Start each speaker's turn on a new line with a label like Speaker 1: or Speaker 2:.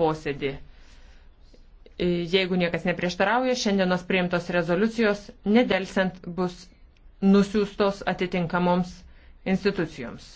Speaker 1: posėdį. E, Jeigu niekas neprieštarauja, šiandienos priimtos rezoliucijos nedelsiant bus nusiųstos atitinkamoms
Speaker 2: institucijoms.